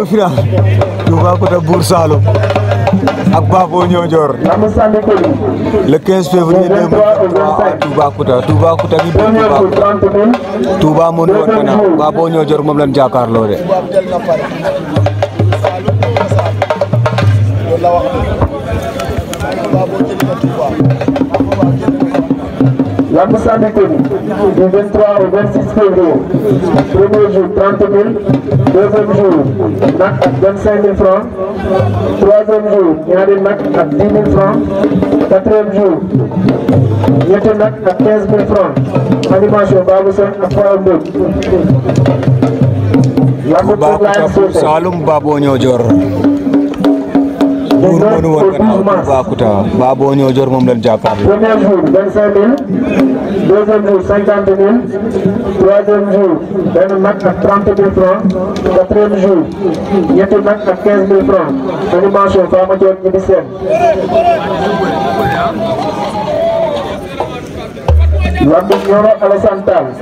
ba final Toubacouta Bour Saloum ak Babo Niodior le 15 février 2023 à Toubacouta Toubacouta bi biir Toubacouta Touba moo ñu woon gannaaw Babo moom jàkkaarloo la wax Babo jël La Moussa Méconi, du 23 au 26 février, premier jour 30 000, deuxième jour nag ak 25 000 francs, troisième jour ñaari nag ak 10 000 francs, quatrième jour ñetti nag ak 15 000 francs, animation Babou Sène ak Fawal Mbodj. Làmb Saalum Babou ñoo jor ɓurɓonu won kadi hawtu bakuta baba woni o jour mom len jakaɓe premier jour 25 mille deuxième jour 50 mille troisième jour benn mat ak 30 mille francs quatrième jour ñetti mat ak 15 mille francs animation fama joot ñibi seen Lambe Nioro Alassane Tall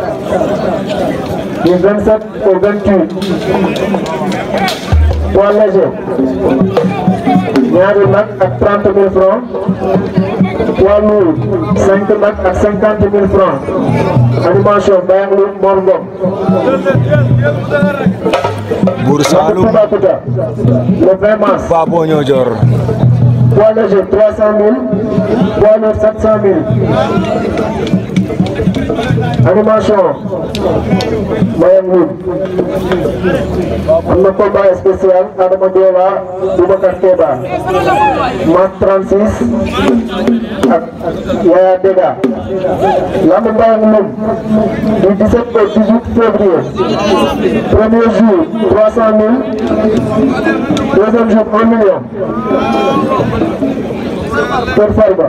du 27 au 28 poids léger ñaari nag ak trente mille francs poids lourd cinq nag ak cinquante mille francs animation Baye Loum Mor Ngom. Buur Saalum Toubacouta le 20 mars Babo Niodior poids léger trois cent mille poids lourd sept cent mille animation Mayang Wood am na combat spécial Adama Diola Boubacar Keba Mark 36 ak Yaya Dega lamb Mayang Wood du 17 au 18 février premier jour 300 000 deuxième jour million Kër Farba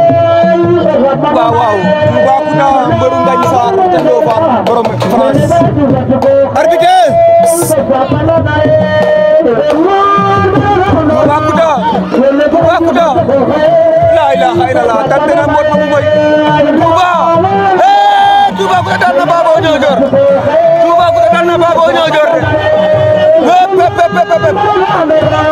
waaw waaw Tambacounda mbëru Ngagne Sarr te Ndofane borom France arbitre Tambacounda Tambacounda la ilaha illallah tante na mot mu moy Touba eh Tambacounda daan na Baba Niodior Tambacounda daan na Baba Niodior